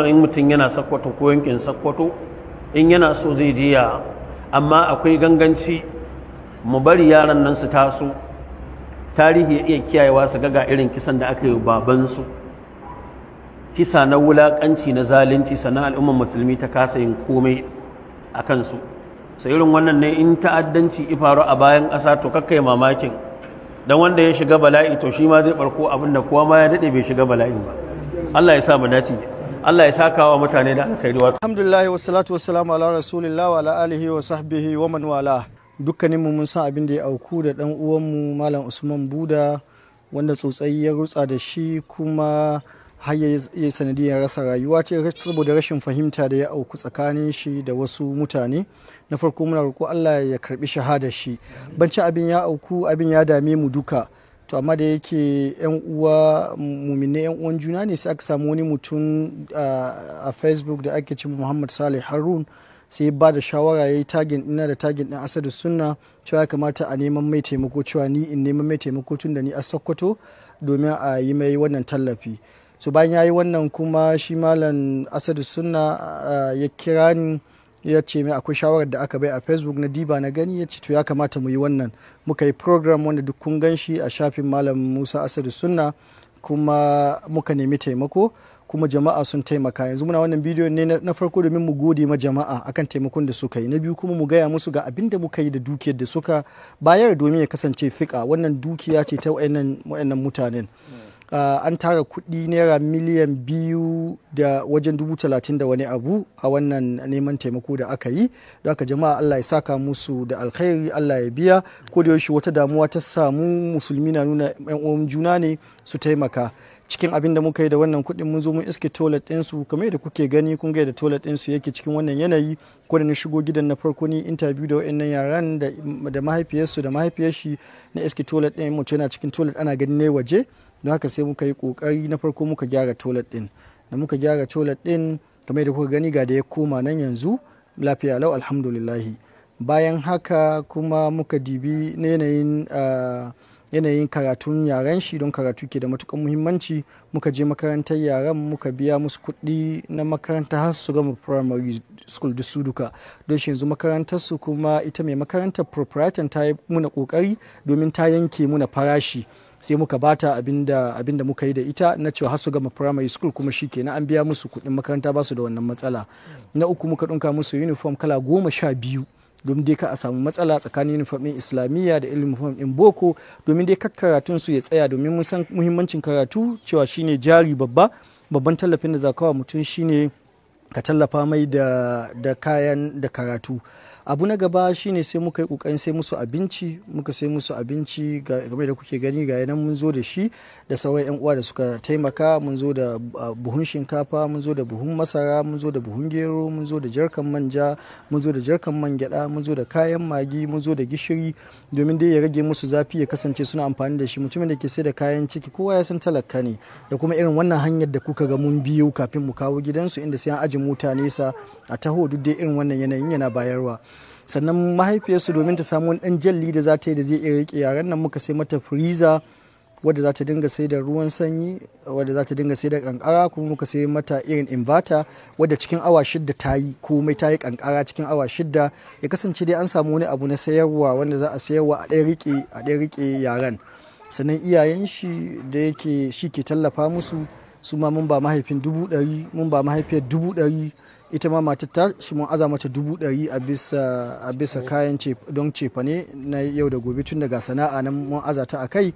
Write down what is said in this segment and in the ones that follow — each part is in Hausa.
in mutum yana sakwato ko yankin sakwato in yana so zai je ya amma akwai ganganci mu bari yaran nan su taso tarihi ya iya kiyayewa su ga irin kisan da aka yi babansu kisa na wulaƙanci na zalunci sannan al'ummar musulmi ta kasa yin komai a kansu sai irin wannan ne in ta'addanci ifaru a bayan ƙasa to kakkai mamakin dan wanda ya shiga bala'i to shi ma zai barko abin kowa ma ya daɗe bai shiga bala'i ba Allah ya sa mu dace Allah ya saka wa mutane da alkhairi wato alhamdulillah wa wassalamu ala rasulillah wa ala alihi wa sahbihi wa man wala Dukkanin mu mun san abin da ya auku da dan uwanmu malam Usman Buda wanda tsotsai ya rutsa da shi kuma har ya sanadiyar rasa rayuwa ce saboda rashin fahimta da ya auku tsakanin shi da wasu mutane na farko muna roƙo Allah ya karbi shahada shi banci abin ya auku abin ya dame mu duka to amma da yake yan uwa mumine yan uwan juna ne sai aka samu wani mutum a facebook da ake ce muhammad salih harun sai ba da shawara ya yi tagin ina da tagin ɗin asadu sunna cewa ya kamata a neman mai taimako cewa ni in neman mai taimako tun da ni a sokoto domin a yi mai wannan tallafi so bayan ya yi wannan kuma shi malam asadu sunna ya kira ni ya ce mai akwai shawarar da aka bai a facebook na diba na gani ya ce to ya kamata mu yi wannan muka yi program wanda duk kun gan shi a shafin malam musa asadu sunna kuma muka nemi taimako kuma jama'a sun taimaka yanzu muna wannan bidiyo ne na farko domin mu gode ma jama'a akan taimakon da suka yi na biyu kuma mu gaya musu ga abin da muka yi da dukiyar da suka bayar domin ya kasance fika wannan dukiya ce ta wayannan mutanen Uh, an tara kudi naira miliyan biyu da wajen dubu talatin da wani abu a wannan neman taimako da aka yi da aka jama'a allah ya saka musu da alkhairi allah ya biya ko da yaushe wata damuwa ta samu musulmi na nuna yan uwan juna ne su taimaka cikin abin da muka yi da wannan kudin mun zo mun iske toilet ɗinsu kamar yadda kuke gani kun ga da toilet ɗinsu yake cikin wannan yanayi ko da na shigo gidan na farko ni interview da wa'annan yaran da mahaifiyarsu da mahaifiyar shi na iske toilet ɗin mutum yana cikin toilet ana ganin ne waje don haka sai muka yi kokari na farko muka gyara toilet din da muka gyara toilet din kamar da kuka gani ga da ya koma nan yanzu lafiya lau alhamdulillahi bayan haka kuma muka dibi na yanayin ah, yanayin karatun yaren shi don karatu ke da matukan muhimmanci muka je makarantar yaren muka biya musu kuɗi na makaranta har su gama primary school da su duka don shi yanzu makarantar su kuma ita mai makarantar proprietor ta yi muna kokari domin ta yanke muna farashi sai muka bata abin da muka yi da ita na cewa har su gama primary school kuma shi ke na an biya musu kuɗin makaranta ba su da wannan matsala na uku muka ɗunka musu uniform kala goma sha biyu domin dai ka a samu matsala tsakanin uniform din islamiyya da uniform din boko domin dai karatun su ya tsaya domin mun san muhimmancin karatu cewa shine jari babba babban tallafin da za zakawa mutum shine ka tallafa mai da kayan da karatu abu na gaba shine sai muka yi kokarin sai musu abinci muka sai musu abinci game da kuke gani ga yanan mun zo da shi da sauran yan uwa da suka taimaka mun zo da buhun shinkafa mun zo da buhun masara mun zo da buhun gero mun zo da jarkan manja mun zo da jarkan man gyada mun zo da kayan magi mun zo da gishiri domin dai ya rage musu zafi ya kasance suna amfani da shi mutumin da ke sai da kayan ciki kowa ya san talaka ne da kuma irin wannan hanyar da kuka ga mun biyo kafin mu kawo gidansu inda sai an aji mota nesa a taho duk dai irin wannan yanayin yana bayarwa sannan mahaifiyarsu domin ta samu wani ɗan jalli da za ta yi da zai iya riƙe yaran nan muka sai mata friza wadda za ta dinga sai da ruwan sanyi wadda za ta dinga sai da kankara kuma muka sai mata irin inverter wadda cikin awa shidda ta yi komai ta yi kankara cikin awa shidda ya kasance dai an samu wani abu na sayarwa wanda za a sayarwa a ɗaya rike a ɗaya rike yaran sannan iyayen shi da yake shi ke tallafa musu su ma mun ba mahaifin dubu ɗari mun ba mahaifiyar dubu ɗari ita ma matar ta shi mun aza mata dubu ɗari a bisa oh. kayan don cefane na yau da gobe tun daga sana'a nan mun aza ta a kai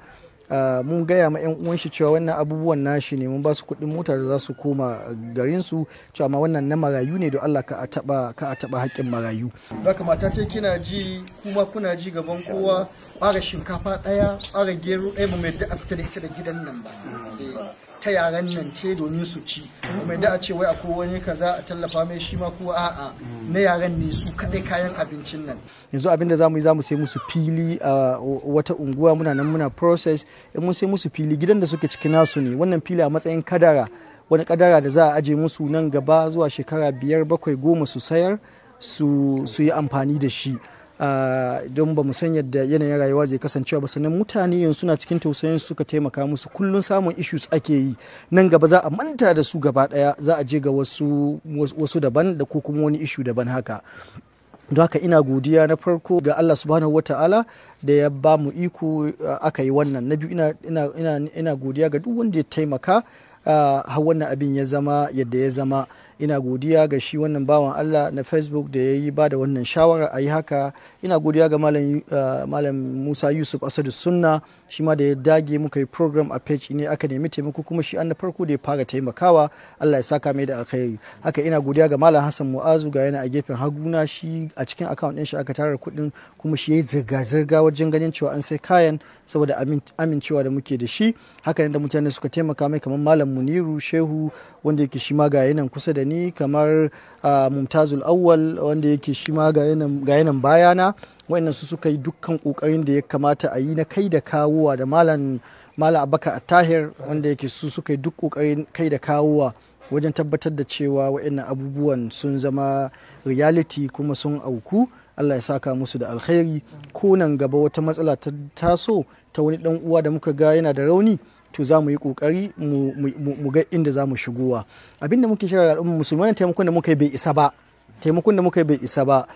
ah, mun gaya ma 'yan uwan shi cewa wannan abubuwan nashi ne mun ba su kuɗin mota da za su koma garin su cewa ma wannan na marayu ne don Allah ka a taba ka a taba haƙƙin marayu haka mata ta kina ji kuma kuna ji gaban kowa ɓara shinkafa ɗaya ɓara gero ɗaya ba mai da a fita da ita da gidan nan ba mm. eh. ta yaran nan ce domin su ci mai da a ce wai akwai wani kaza a tallafa mai shi ma ko a'a na yaran ne su kadai kayan abincin nan yanzu abin da zamu yi zamu sai musu fili a wata unguwa muna nan muna process in mun sai musu fili gidan da suke ciki nasu ne wannan fili a matsayin kadara wani kadara da za a aje musu nan gaba zuwa shekara biyar bakwai goma su sayar su yi amfani da shi don ba mu san yadda yanayin rayuwa zai kasancewa ba sannan mutane yanzu suna cikin tausayin suka taimaka musu kullum samun issues ake yi nan gaba za a manta da su gaba daya za a je ga wasu daban da ko kuma wani issue daban haka don haka ina godiya na farko ga Allah subhanahu wa ta'ala da ya ba mu iko aka yi wannan na biyu ina godiya ga duk wanda ya taimaka Ah, har wannan abin ya zama yadda ya zama ina godiya ga shi wannan bawan Allah na Facebook da ya yi ba da wannan shawara a yi haka ina godiya ga ah, malam Musa Yusuf Asadu Sunna shi ma da ya dage muka yi program a page ne aka nemi taimako kuma shi an na farko da ya fara taimakawa Allah ya saka mai da alkhairi haka ina godiya ga malam Hassan Mu'azu ga yana a gefen haguna shi a cikin account din shi aka tara kuɗin kuma shi ya yi zirga-zirga wajen ganin cewa an sai kayan saboda amincewa da muke da shi haka ne da mutane suka taimaka mai kamar malam muniru shehu wanda yake shi ga yanan kusa da ni kamar mumtazul awwal wanda yake shi ma ga yanan bayana wayannan su suka yi dukkan kokarin da ya kamata a yi na kai da kawowa da malam malam abaka attahir wanda yake su suka yi duk kokarin kai da kawowa wajen tabbatar da cewa wayannan abubuwan sun zama reality kuma sun auku Allah ya saka musu da alkhairi ko nan gaba wata matsala ta taso ta wani dan uwa da muka ga yana da rauni to za mu yi kokari mu ga inda za mu shigowa abinda muke shirar al'umma musulmi wannan taimakon da muka yi bai isa ba taimakon da muka yi bai isa ba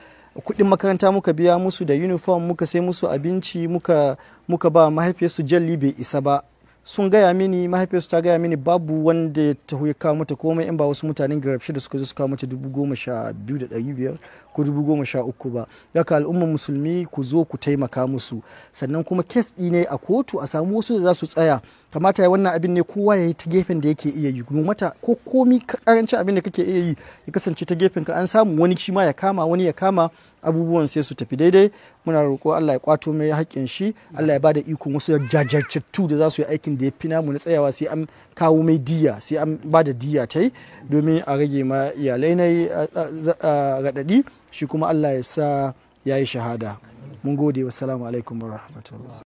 kuɗin makaranta muka biya musu da uniform muka sai musu abinci muka muka ba mahaifiyarsu jalli bai isa ba sun gaya mini mahaifiyarsu ta gaya mini babu wanda ya taho ya kawo mata komai in ba wasu mutanen garabshi da suka zo su kawo mata dubu goma sha biyu da ɗari biyar ko dubu goma sha uku ba ka al'ummar musulmi ku zo ku taimaka musu sannan kuma kes ɗi ne a kotu a samu wasu da za su tsaya kamata ya wannan abin ne kowa ya yi ta gefen da yake iya yi domin mata ko komi karancin abin da kake iya yi ya kasance ta gefen ka an samu wani shi ma ya kama wani ya kama abubuwan sai su tafi daidai muna roƙo Allah ya kwato mai haƙƙin shi Allah ya bada ikon wasu jajirtattu da za su yi aikin da ya fi namu na tsayawa sai an kawo mai diya sai an bada diya ta domin a rage ma iyalai na raɗaɗi shi kuma Allah ya sa ya yi shahada mun gode wassalamu alaikum warahmatullahi